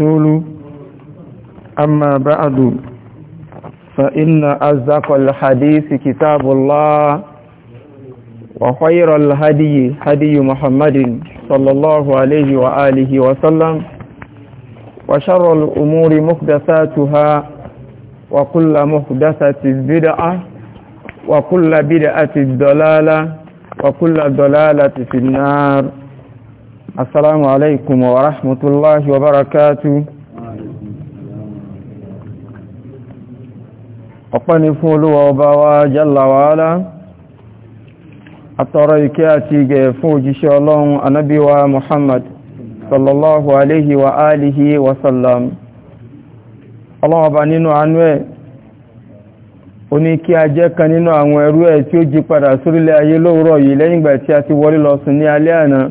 الرسول أما بعد فإن أزق الحديث كتاب الله وخير الهدي هدي محمد صلى الله عليه وآله وسلم وشر الأمور مخدثاتها وكل مخدثة بدعة وكل بدعة ضلالة وكل ضلالة في النار السلام عليكم ورحمة الله وبركاته ọ̀pẹ́ni fún olúwa ọba wa jalla wa ala àtọrọ ìkẹ́ àti ìgẹ̀ fún òjíṣẹ́ ọlọ́run anábíwa Muhammad sallallahu alaihi wa alihi wa sallam ọlọ́run ọba nínú àánú ẹ̀ ó ní kí a jẹ́ kan nínú àwọn ẹrú ẹ̀ tí ó jí padà sórílẹ̀ ayé lóòrọ̀ yìí lẹ́yìngbà tí a ti wọlé lọ sùn ní alẹ́ àná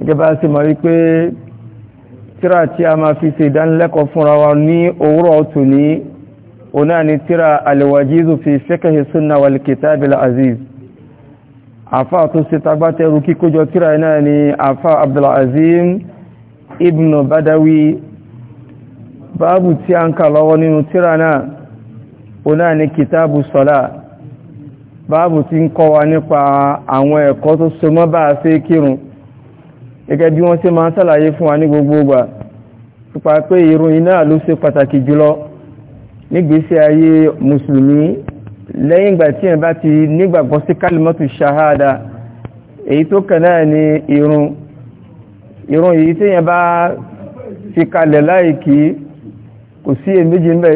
ìjọba sí mọ̀ wípé tíra tí a máa fi ṣe ìdánilẹ́kọ̀ọ́ fúnra wa ní òwúrọ̀ ọ̀tún ní oná ni tíra alwajizu fi fiqhi sunna wal kitab al aziz àfá tó ṣe tagbátẹrù kíkójọ tíra náà ni àfá abdulazim ibn badawi báàbù tí a ń kà lọ́wọ́ nínú tíra náà oná ni kitabu sọ́lá báàbù tí ń kọ́ wa nípa àwọn ẹ̀kọ́ tó so mọ́ bá a ṣe kírun gẹ́gẹ́ bí wọ́n ṣe máa ń sàlàyé fún wa ní gbogbo ìgbà pípa pé ìrun iná ló ṣe pàtàkì jùlọ nígbésí ayé musulmi lẹ́yìn ìgbà tí ẹ̀ bá ti nígbàgbọ́ sí kálímọ́tù shahada èyí tó kàn náà ni ìrun èyí tí yẹn bá fi kalẹ̀ láìkí kò sí èméjì ńbẹ̀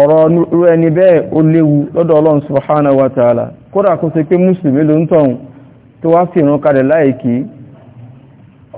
ọ̀rọ̀ ẹni bẹ́ẹ̀ ó léwu lọ́dọ̀ ọlọ́run subhanahu wa ta'ala kódà kó pé ló ń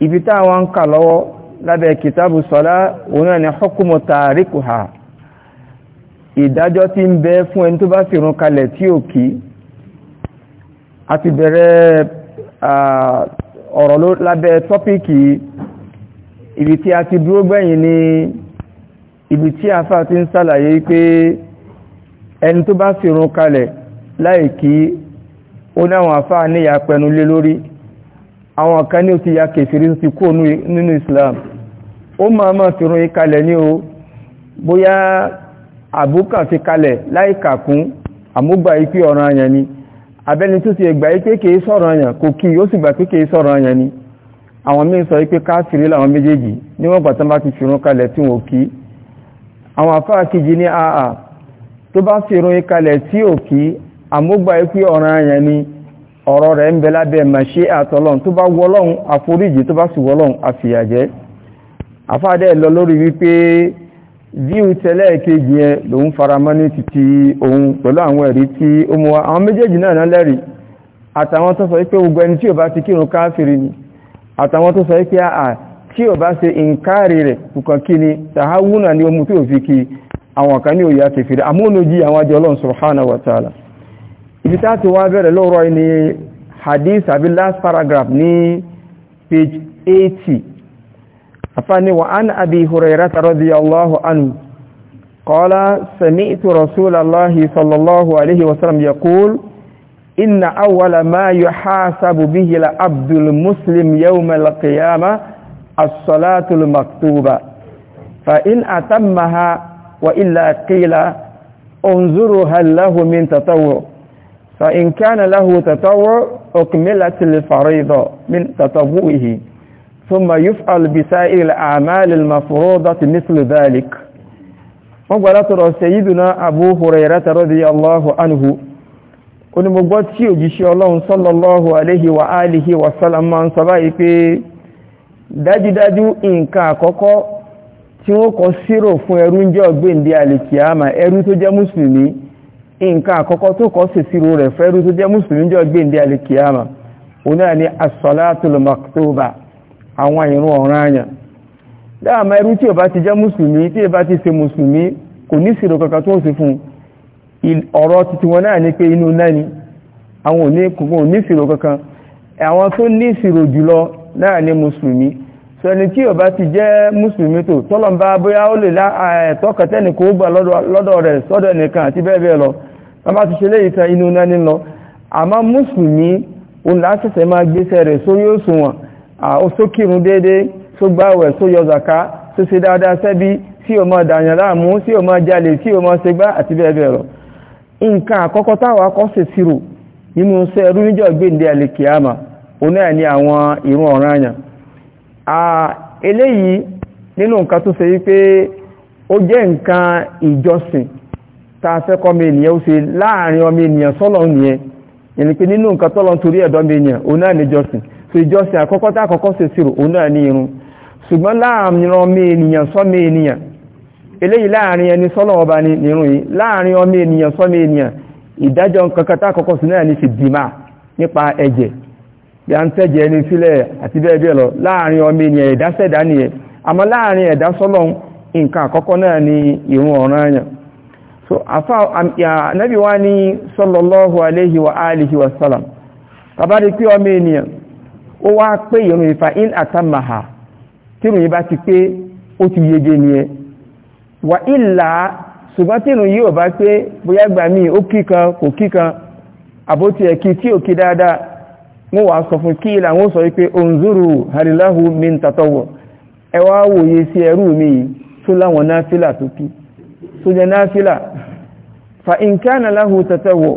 ibi táwọn ń kà lọ́wọ́ lábẹ́ kìtàbù sọ́lá òun náà ni hukumu tarikuha ìdájọ́ tí ń bẹ fún ẹni tó bá fi rún kalẹ̀ tí ò kí a ti bẹ̀rẹ̀ ọ̀rọ̀ lábẹ́ tọ́píkì ibi tí a ti dúró gbẹ̀yìn ni ibi tí afá ti ń sàlàyé pé ẹni tó bá fi rún kalẹ̀ láì kí ó náwọn afá níyà pẹnu lé lórí àwọn kan ní ya kèfèrí tó ti kó nínú islam ó máa máa fi rún ikalẹ̀ ní o bóyá àbúkà fi kalẹ̀ láìkàkún àmúgbà ipé ọ̀rọ̀ àyàn ni abẹ́ni tó ti ẹgbà ipé kìí sọ̀rọ̀ àyàn kò kí ó sì gbà pé sọ̀rọ̀ àyàn ni àwọn sọ ipé làwọn méjèèjì níwọ̀n gbà tán bá ti fi rún kalẹ̀ tí wọn kí àwọn kejì ní àà tó bá fi rún tí ò kí ni ọ̀rọ̀ rẹ̀ ń bẹ lábẹ́ màṣí àtọ́lọ́n tó bá wọ́lọ́n àforíjì tó bá sì wọ́lọ́n àfìyàjẹ́ àfáàdẹ́ lọ lórí wípé víu tẹ́lẹ̀ kejì yẹn lòun faramọ́ títí ohun pẹ̀lú àwọn ẹ̀rí tí ó mú wa àwọn méjèèjì náà sọ wípé gbogbo ẹni tí ò bá ti kírun káfìrí ni àtàwọn sọ wípé àà tí ò bá ṣe ìǹkáàrí rẹ̀ kùkàn kí ni ni ó mú tí ò fi kí àwọn kan ní òye àmúnojì àwọn ọlọ́run ibi tá ti wá bẹ̀rẹ̀ lóòrọ̀ ni hadith àbí last paragraph ní page 80 afáni wa an abi hurairata radiyallahu anhu qala sami'tu rasulallahi sallallahu alaihi wasallam yaqul inna awwala ma yuhasabu bihi la abdul muslim yawm al-qiyamah as-salatu al-maktuba fa in atammaha wa illa qila unzuru hal min tatawwu فإن كان له تطوع أكملت الفريضة من تطوعه ثم يفعل بسائر الأعمال المفروضة مثل ذلك وقال سيدنا أبو هريرة رضي الله عنه oni mo gbọ́ tí òjíṣẹ́ ọlọ́run sallallahu aléhi wa alihi wa sallam ma ń sọ báyìí pé dájúdájú nǹkan àkọ́kọ́ tí wọ́n kọ sírò fún ẹrú ń jẹ́ ọgbẹ́ ìdí alìkìyàmà ẹrú tó jẹ́ mùsùlùmí nǹkan àkọ́kọ́ tó kọ́ sí sírò rẹ̀ fẹ́rú tó jẹ́ mùsùlùmí jọ gbéǹdé alìkìyàmà òun náà ni asọ́látùl maktuba àwọn ìrun ọ̀ranyàn dáàmà irú tí ó bá ti jẹ́ mùsùlùmí tí ó bá ti ṣe mùsùlùmí kò ní sírò kankan tó ń fún ọ̀rọ̀ titi wọn náà ni pé inú náà ni àwọn òní kòkó ní sírò kankan àwọn tó ní sírò jùlọ náà ni mùsùlùmí sọni tí ó bá ti jẹ́ mùsùlùmí tó tọ́lọ̀ ń bá bóyá ó lè lá ẹ̀tọ́ kẹtẹ́nì gbà lọ́dọ̀ rẹ̀ sọ́dọ̀ nìkan àti bẹ́ẹ̀ bẹ́ẹ̀ lọ wọ́n bá ti ṣe léyìí tán inú náà nílọ àmọ́ mùsùlùmí òun láṣẹ̀ṣẹ̀ máa gbéṣẹ́ rẹ̀ sórí òṣùwọ̀n ó sókìrún déédéé tó gbáwẹ̀ tó yọ zàká tó ṣe dáadáa sẹ́bí tí o máa dàyàn láàmú tí o máa jalè tí o máa ṣegbá àti bẹ́ẹ̀ bẹ́ẹ̀ lọ nǹkan ìjọsìn ta fẹ́ kọ́ mi ènìyàn ó ṣe láàrin ọmọ ènìyàn sọ́lọ̀ nìyẹn pé nínú nǹkan tọ́lọ̀ ń torí ẹ̀dọ́ mi òun náà ní jọsìn so ìjọsìn àkọ́kọ́ tá àkọ́kọ́ ṣe sírò òun náà ní irun ṣùgbọ́n láàrin ọmọ ènìyàn sọ́mọ ènìyàn eléyìí láàrin ẹni sọ́lọ̀ ọba ni irun yìí láàrin ọmọ ènìyàn sọ́mọ ènìyàn ìdájọ́ tá àkọ́kọ́ náà ní ti dìímà nípa ẹ̀jẹ̀ bí a ń so afa um, anabi wa ni sallallahu aleyhi wa alihi wa sallam tabari pé o meniyan ó wá pé ìrun ifa in atamaha tí ìrun ba ti pe ó ti yege ni e wa illa ṣùgbọ́n tí ìrun yìí ò bá pé bóyá gbà mí ó kíkan kò kíkan àbótí ẹ̀kí o ò kí dáadáa wa wá sọ fún kí ìlà wọ́n sọ wípé onzuru halilahu min tatọ́wọ̀ ẹwà wòye sí ẹrú mi tó tó jẹ náfílà fa ìǹkánà láhù tẹ̀tẹ̀wò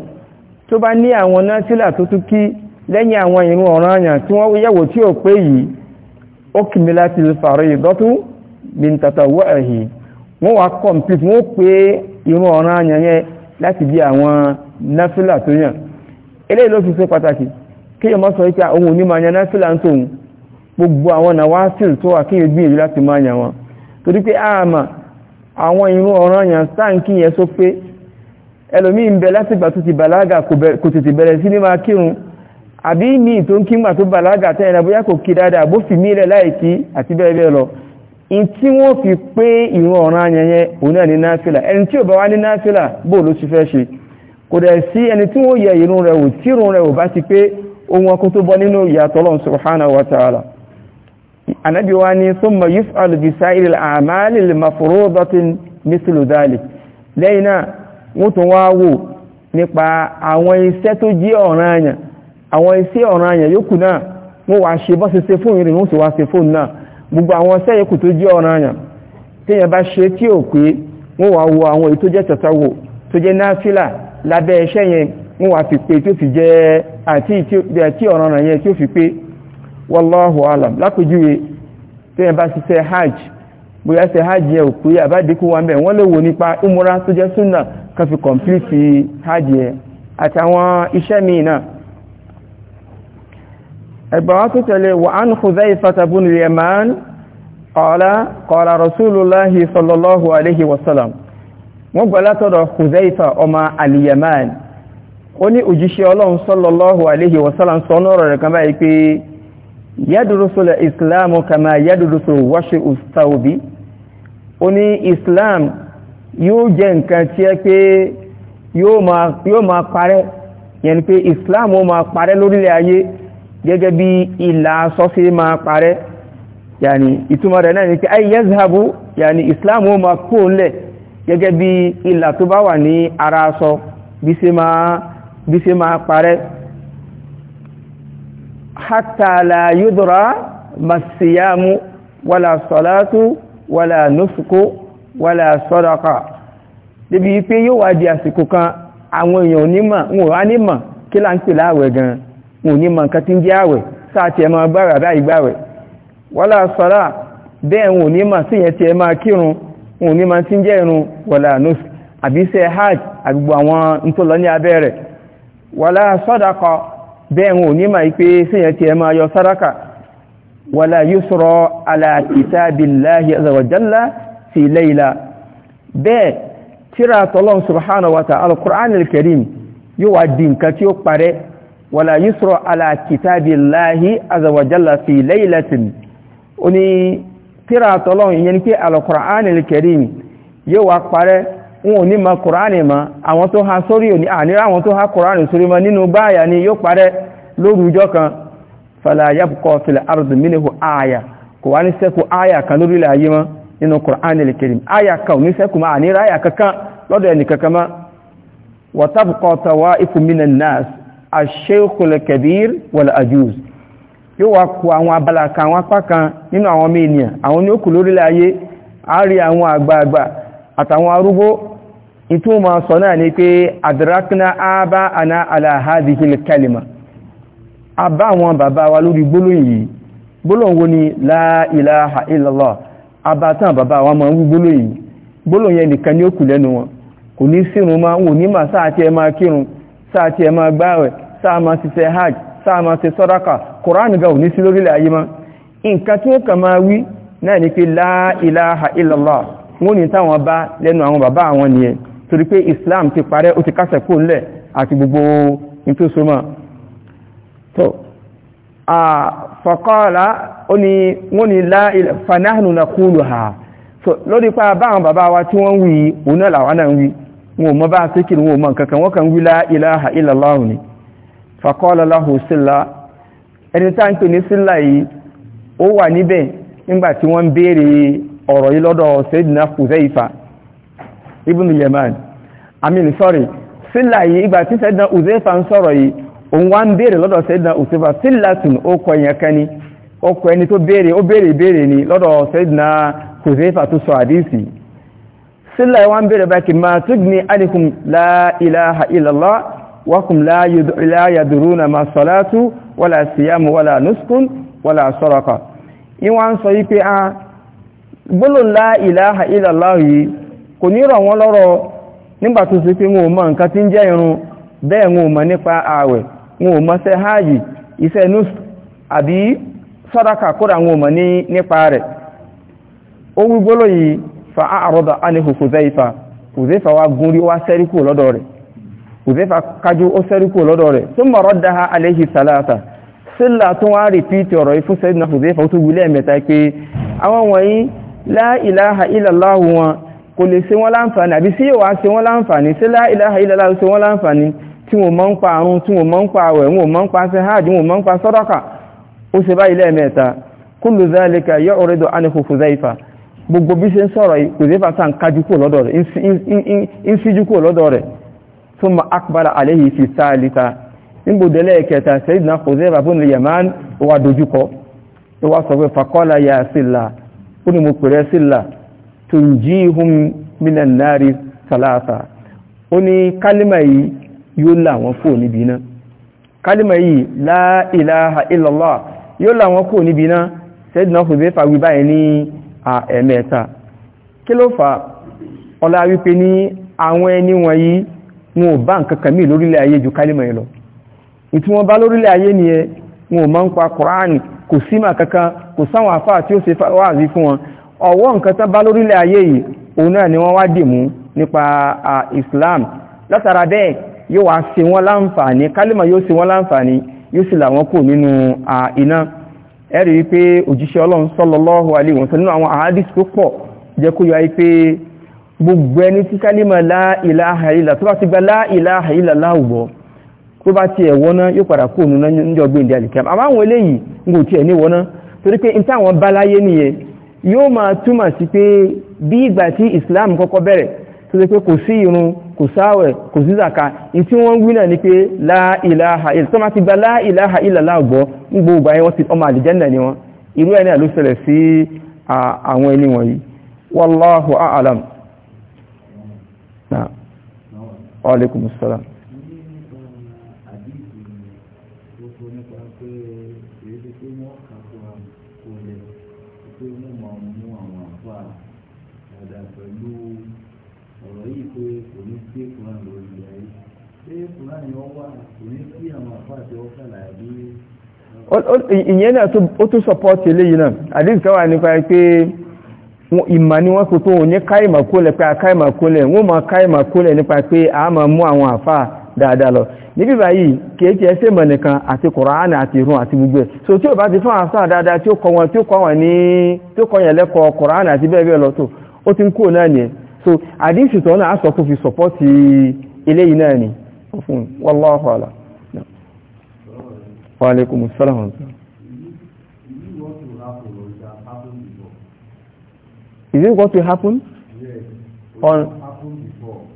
tó bá ní àwọn náfílà tó tún kí lẹ́yìn àwọn ìrun ọ̀ràn àyàn tí wọ́n yẹ̀wò tí ó pé yìí ó kìmí láti fàrí ìdọ́tún bí tẹ̀tẹ̀wò ẹ̀hì wọ́n wá complete wọ́n pé ìrun ọ̀ràn àyàn yẹn láti bí àwọn náfílà tó yàn eléyìí ló fi ṣe pàtàkì kí yọ mọ́ sọ wípé àwọn irun ọ̀ràn yàn sáǹkì yẹn só pé ẹlòmí ń bẹ látìgbà tó ti bàlágà kò tètè bẹ̀rẹ̀ sí ní máa kírun àbí ní tó ń kígbà tó bàlágà tẹ́yẹ̀nà bóyá kò kí dáadáa bó fi mílẹ̀ láìkí àti bẹ́ẹ̀bẹ́ẹ̀ lọ in tí wọ́n fi pé irun ọ̀ràn yẹn yẹn òun náà ní náfìlà ẹni wa ta'ala anábí wá ní summa yus'alu bi sa'iril a'mali al-mafruḍati mithlu dhalik lẹ́yìn náà wọ́n tún wá wò nípa àwọn iṣẹ́ tó jẹ́ ọ̀ranyàn àwọn iṣẹ́ ọ̀ranyàn yókù náà wọ́n wá ṣe bọ́ sí ṣe fóònù rẹ̀ wọ́n sì wá náà gbogbo àwọn iṣẹ́ yòókù tó jẹ́ ọ̀ranyàn téèyàn bá ṣe tí ò pé wọ́n wá wo àwọn èyí tó jẹ́ tọ̀tọ̀wò tó jẹ́ náfìlà lábẹ́ wallahu alam lápèjúwe tẹ́yìn bá ṣiṣẹ́ hajj bóyá ṣe hajj yẹn ò pé àbádínkù wa mẹ́ wọ́n lè wò nípa umura tó jẹ́ súnà kan fi kọ̀m̀plìtì hajj yẹn àtàwọn iṣẹ́ míì náà ẹgbàwá tó tẹ̀lé wà án Hudhayfah ibn al-Yaman qala qala rasulullahi sallallahu alaihi wasallam wọ́n gbà látọ̀dọ̀ Hudhayfah ọmọ al ó ní òjíṣẹ́ ọlọ́run sallallahu alaihi wasallam sọ yadrusu al-islamu kama yadrusu wash'u thawbi ó ní islam yóò jẹ́ nǹkan tí ẹ pé yóò máa yóò máa parẹ́ yẹn pé islam ó máa parẹ́ lórílẹ̀ ayé gẹ́gẹ́ bí ìlà aṣọ sí máa parẹ́ yàní ìtumọ̀ rẹ̀ náà ni ke ay yazhabu yani islam ó máa kó ńlẹ̀ gẹ́gẹ́ bí ìlà tó bá wà ní ara aṣọ bí ṣe máa bí ṣe máa parẹ́ ha la yu dora masiya mụ wala salatu wala anusuko wala asodoka ibi ipe yi waa di a suku kan a ŋụ ya nwụrụ a ni ma kila nkpere a wụrụ gịnị ŋụ ni ma nkwantindi a wụrụ si a cee ma gbaa a baa i wala sola deng ŋụ ni ma si ya ce ma kinu ŋụ ni ma nsidjeru wala anus a bi sị hajj a bi gba nwụrụ ntulọnyi abe dị wala asodoko. bẹ́ẹ̀rùn ò ní ma ipé síyàn ti ẹmà yọ sáraka wàlá yusra ala kitabillahi azza wa jalla fi layla bẹ́ẹ̀ tíra tọ́lọ́n subhanahu wa ta'ala al-Qur'an al-Karim yóò wá di nǹkan tí ó parẹ́ wàlá yusra ala kitabillahi wọn ò ní ma kùránì ma tó ha sórí òní àníra àwọn tó ha kùránì sórí ma nínú báyà ni yóò parẹ́ lórújọ́ kan falayabukọ fil ardu minihu aya kò wá ní sẹ́kù aya kan lórí ayé ma nínú kùránì al aya kan ní sẹ́kù ma àníra aya kankan lọ́dọ̀ ẹni kankan ma watabukọ wá a àtàwọn arúgbó ìtumọ̀ sọ náà ni pé adrakna àbá àná aláhádìhìl kalima a bá àwọn bàbá wa lórí gbólóhùn yìí gbólóhùn wo ni la ilaha illallah abátán bàbá wa máa ń wí gbólóhùn yìí nìkan ni ó kù lẹ́nu wọn kò ní sírun máa wò nímà sáàtí ẹ máa kírun sáàtí ẹ máa gbáwẹ̀ sáà máa ṣiṣẹ́ hajj sáà máa ṣe wọ́n ní táwọn bá lẹ́nu àwọn bàbá àwọn nìyẹn torí pé islam ti parẹ́ ó ti kásẹ̀ kó lẹ̀ àti gbogbo ìtòsọ́mọ̀ tó fọ́kọ́ọ̀lá wọ́n ní fanáhùn na kúlù ha lórí pa bá àwọn bàbá wa tí wọ́n wí wí wọn ní wọ́n ọ̀rọ̀ yìí lọ́dọ̀ Sayyidina Huzaifa ibn Yaman amin sorry sílà yìí ìgbà tí Sayyidina Huzaifa ń sọ̀rọ̀ yìí òun wá ń béèrè lọ́dọ̀ Sayyidina Huzaifa sílà tún ó kọ ẹ̀yàn kan ni ó kọ ẹni tó béèrè ó béèrè ìbéèrè ni lọ́dọ̀ Sayyidina Huzaifa tó sọ àdíìsì sílà yìí wá ń béèrè báyìí ma tugni anikum la a gbólóhùn la ilaha illallah yìí kò ní rọ̀ wọ́n lọ́rọ̀ nígbà tó pé wọn ò nǹkan tí ń jẹ́ irun bẹ́ẹ̀ wọn ò mọ̀ nípa ààwẹ̀ wọn ò mọ̀ṣẹ́ hajj nus àbí sàdákà kódà wọn ò mọ̀ nípa rẹ̀ ó wí yìí fa àrọ́dà ánìhù Huzaifa a salata àwọn wọ̀nyí la ilaha illallah wọn kò lè ṣe wọ́n láǹfààní àbí sí yóò wá ṣe wọ́n láǹfààní sí la ilaha illallah ṣe wọ́n láǹfààní tí wọ́n mọ́ ń pa àrùn tí wọ́n mọ́ ń pa àwẹ̀ wọ́n mọ́ ń pa sahaj wọ́n mọ́ ń pa sàdákà ó ṣe báyìí lẹ́ẹ̀mẹ́ta kullu zalika yu'ridu anhu Hudhayfa gbogbo bí sọ̀rọ̀ Hudhayfa sàn kájú yaman wà dojúkọ ó wá sọ ya Silla ó ní mo pèrè sílà tunjihum minan nari salasa ó ní kálímà yìí yóò láwọn kò níbi iná kálímà yìí la ilaha illallah yóò láwọn kò níbi iná sẹ́dìnà fòbẹ́ fàwí báyìí ní ẹ̀mẹ́ta kí ló fà ọlá wípé ní àwọn ẹni wọn ò bá ju kálímà yìí lọ ìtí wọn bá lórílẹ̀ ayé nìyẹn ń pa kùránì kò símà kankan kò sáwọn àfáà tí ó ṣe wáàzí fún wọn ọ̀wọ́ nǹkan tán bá lórílẹ̀ ayé yìí òun náà ni wọ́n wá dìmú nípa Islam látara bẹ́ẹ̀ yóò wá ṣe wọ́n láǹfààní kálímà yóò ṣe wọ́n láǹfààní yóò sì làwọn kò nínú iná ẹ̀rí wípé òjíṣẹ́ ọlọ́run sallallahu alaihi wasallam nínú àwọn àhádìsì tó pọ̀ jẹ́ kó yọ ayé pé la la ilaha bó bá ti ẹ̀wọ́ náà yóò padà kó òun náà níjọ́ gbé ìdí àlìkẹ́ àmọ́ àwọn eléyìí ń gò tí ẹ̀ níwọ́ náà torí pé ìtàwọn bá láyé nìyẹn yóò máa túmọ̀ sí pé bí ìgbà tí Islam kọ́kọ́ bẹ̀rẹ̀ tó ṣe pé kò sí irun kò sáwẹ̀ kò sí zaka ní wọ́n wí náà ni pé láìláha ti ìyẹn náà ó tún sọpọ́tì eléyìí náà àdíjì kan wà nípa pé ìmà ni wọ́n kò tó òun ní káìmà kólẹ̀ pé àkáìmà kólẹ̀ wọ́n ma káìmà kólẹ̀ nípa pé a ma mú àwọn àfà dáadáa lọ níbi báyìí kéèkì ẹsẹ̀ mọ̀ nìkan àti kùránì àti ìrun àti gbogbo ẹ̀ so tí ó bá ti fún àfà dáadáa tí ó kọ wọn tí ó kọ wọn ní tí ó kọ yẹn ti ń kó so náà fi náà ni Wa alaikum salam. Is it what will happen? Yes. On before.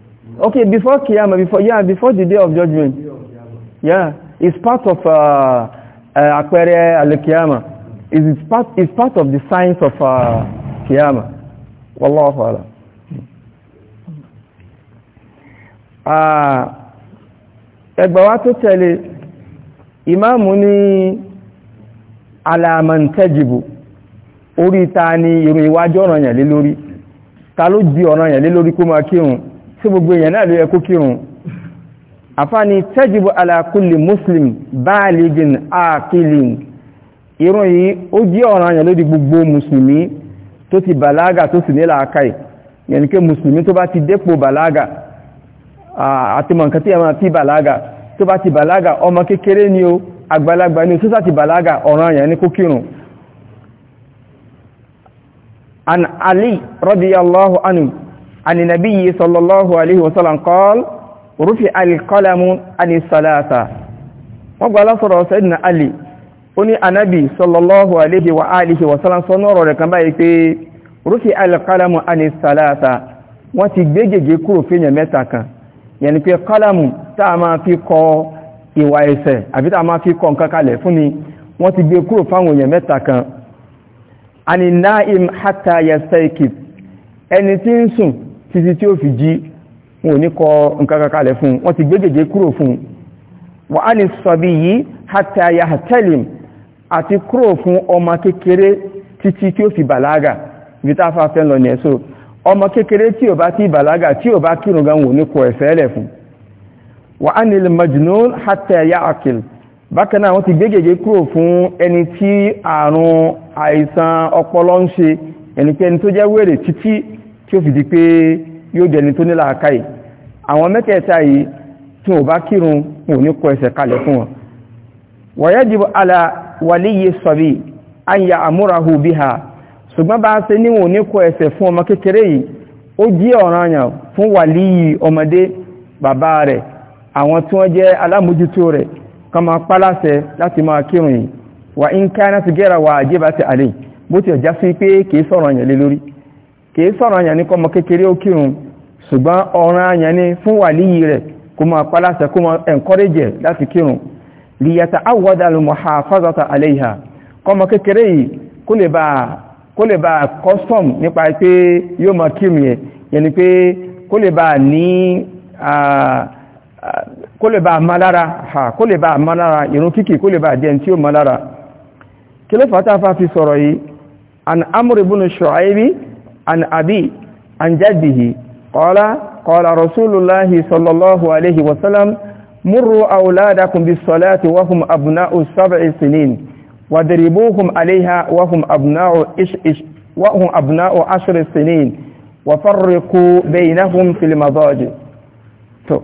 Okay, before Qiyamah, before yeah, before the day of judgment. yeah, it's part of uh Akwere uh, al-Qiyamah. It's part it's part of the science of uh, Qiyamah. Wallahu a'lam. Ah, uh, ẹgbàá wa tó tẹ̀lé ìmáàmù ní alamantajibu orí ta ni ìrùn ìwájú ọ̀ràn yẹn lé lórí ta ló di ọ̀ràn yẹn lé lórí kó máa kírun tí gbogbo èèyàn náà ló yẹ kó kírun àfáàní tajibu ala kulli muslim baaligin aqilin ìrùn yìí ó jẹ́ ọ̀ràn yẹn lórí gbogbo mùsùlùmí tó ti bàlágà tó sì ní làákàyè yẹn ni pé mùsùlùmí tó bá ti dépò bàlágà àti mọ̀nkàtí ẹ̀mọ̀ tí bàlágà tó bá ti bàlágà ọmọ kékeré ni o àgbàlagbà ni o tó ti bàlágà ọ̀ràn àyàn ní kókírùn an ali radiyallahu anhu an nabiyyi sallallahu alaihi wasallam qala rufi'a al-qalamu an salata wọ́n gba lásọ̀rọ̀ sayyidina ali ó ní anábì sallallahu alaihi wa alihi wasallam sọ nọ́rọ̀ rẹ̀ kan báyìí pé rufi'a al-qalamu an salata wọ́n ti gbé gègé kúrò fèèyàn mẹ́ta kan yẹni pé qalamu tá a máa fi kọ ìwà ẹ̀ṣẹ̀ àbí tá fi kọ nǹkan kalẹ̀ fún ni wọ́n ti gbé kúrò fáwọn èèyàn mẹ́ta kan ani naim hata yastaykib ẹni tí ń sùn títí tí fi jí wọn ò ní kọ nǹkan kalẹ̀ fún wọ́n ti gbé kúrò fún wa ani sabiyi hatta yahtalim àti kúrò fún ọmọ kékeré títí fi bàlágà ibi tá a fẹ́ lọ ní ti bàlágà tí ò bá kírun kọ ẹ̀fẹ́ fún wà á nílẹ̀ majnun hatta ya'qil bákan náà wọ́n ti gbégègé kúrò fún ẹni tí àrùn àìsàn ọpọlọ ń ṣe ẹnikẹ́ni tó jẹ́ wèrè títí tí ó fi di pé yóò dẹni tó nílà àkáì àwọn mẹ́tẹ̀ẹ̀ta yìí tí wọ́n bá kírun wọn ní kọ ẹsẹ̀ kalẹ̀ fún wọn wa yajibu ala waliyi sabi an ya'murahu biha ṣùgbọ́n bá ṣe níwọ̀n ní kọ ẹsẹ̀ fún ọmọ kékeré yìí ó jí ọ̀ranyàn fún wàlíyì ọmọdé bàbá rẹ̀ àwọn tí wọ́n jẹ́ alámójútó rẹ̀ kan máa pálásẹ̀ láti máa kírun yìí wà ń ká náà ti gẹ́ra wà àjẹ́bà ti àlè bó ti ọ̀já sí pé kìí sọ̀rọ̀ àyàn lé lórí kìí sọ̀rọ̀ àyàn ní kọmọ kékeré ó kírun ṣùgbọ́n ọ̀ràn àyàn ní fún wàlíyì rẹ̀ kó máa pálásẹ̀ kó máa encourage láti kírun liyata awọ́dàlù muhafazata alayha ni pé kó lè bá malára ha kó lè bá malára irun kíkì kó lè bá jẹ́ tí ó malára kí ló fàtà fà fi sọ̀rọ̀ yìí an amri ibn shu'aybi an abi an jaddihi qala qala rasulullahi sallallahu alaihi wasallam murru auladakum bis salati wa hum abna'u sab'i sinin wadribuhum alaiha wa hum abna'u ish ish wa hum abna'u ashri sinin wa farriqu bainahum fil madaji to so,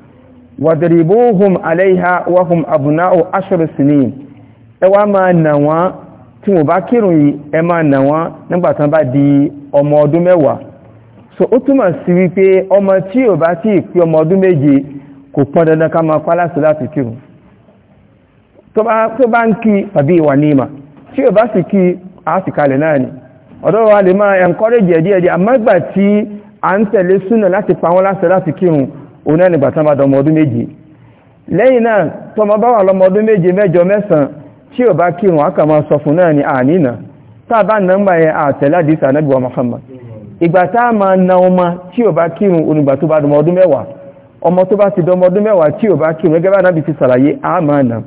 wàdìrìbóhùn aláìhá wáhùn àbùná ò aṣọ́rọ̀ sí ní ẹ wá máa nà wọ́n tí wọ́n bá kírun yìí ẹ máa nà wọ́n nígbàtán bá di ọmọ ọdún mẹ́wàá so ó túmọ̀ sí wípé ọmọ tí ò bá tí ì pé ọmọ ọdún méje kò pọn dandan ká máa pa láti láti kírun tó bá ń kí tàbí ìwà níma tí ò bá sì kí àásìkalẹ̀ náà ni ọ̀dọ́ wa lè máa encourage ẹ̀díẹ̀dí àmọ́gbà tí à ń tẹ̀lé súnà láti pa wọ́n láti láti kírun oní ẹnìgbà tán bá dọmọ ọdún méje lẹ́yìn náà tọmọ bá wà lọmọ ọdún méje mẹ́jọ mẹ́sàn tí ò bá kírun aka sọ fún náà ni àníná táà nàmbà yẹn àtẹ̀ládìsà anábìwà Muhammad na ọmọ tí ò bá kírun onígbà tó bá dọmọ ọdún mẹ́wàá ọmọ tó bá ti dọmọ ọdún mẹ́wàá tí ò bá kírun gẹ́gẹ́ bá náà bí ti sàlàyé a máa nà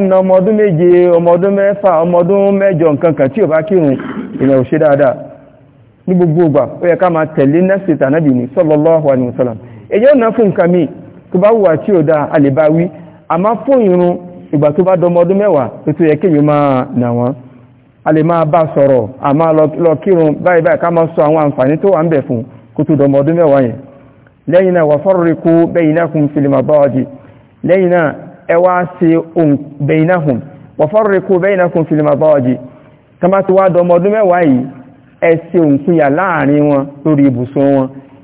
na ọmọ ọdún méje ọmọ ọdún mẹ́fà ọmọ ọdún mẹ́jọ nǹkan kan tí ò bá kírun èèyàn ò ṣe gbogbo ìgbà ó yẹ ká máa tẹ̀lé nẹ́sìtà nábì ní sallallahu alaihi wasallam èyí ò ná fún nǹkan mi tó bá wùwà tí ò dáa a lè bá wí àmá fún irun ìgbà tó bá dọmọ ọdún mẹ́wàá tó tó yẹ kéèyàn máa nà wọ́n a lè máa bá sọ̀rọ̀ àmá lọ kírun báyìí báyìí ká máa sọ àwọn àǹfààní tó wà ń bẹ̀ fún kó tó dọmọ ọdún mẹ́wàá yẹn lẹ́yìn náà wà farriqu bainahum fil mabadi lẹ́yìn náà ẹ wá ṣe ohun bainahum wà farriqu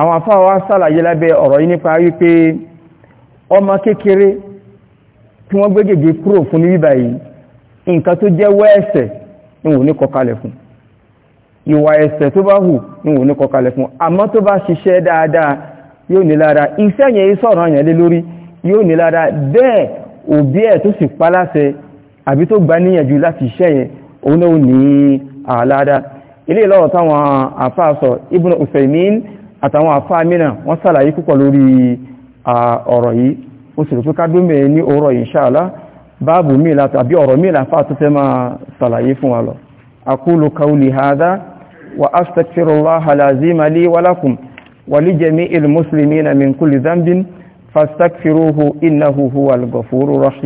àwọn afáwà sàlàyé lábẹ́ ọ̀rọ̀ yìí nípa wípé ọmọ kékeré tí wọ́n gbé gègé kúrò fún ní bíbà yìí nǹkan tó jẹ́ wẹ́ẹ̀sẹ̀ níwò ní kọkalẹ̀ fún ìwà ẹ̀sẹ̀ tó bá hù níwò ní kọkalẹ̀ fún àmọ́ tó bá ṣiṣẹ́ dáadáa yóò ní lára iṣẹ́ yẹn sọ̀rọ̀ yẹn lé lórí yóò àtàwọn àfáà mìíràn wọ́n sàlàyé púpọ̀ lórí ọ̀rọ̀ yìí ó sì rò pé kádùmẹ̀ ní òórọ̀ ìṣàlá báàbù mìíràn tàbí ọ̀rọ̀ mìíràn fáà tó fẹ́ máa sàlàyé fún wa lọ aqulu qawli hadha wa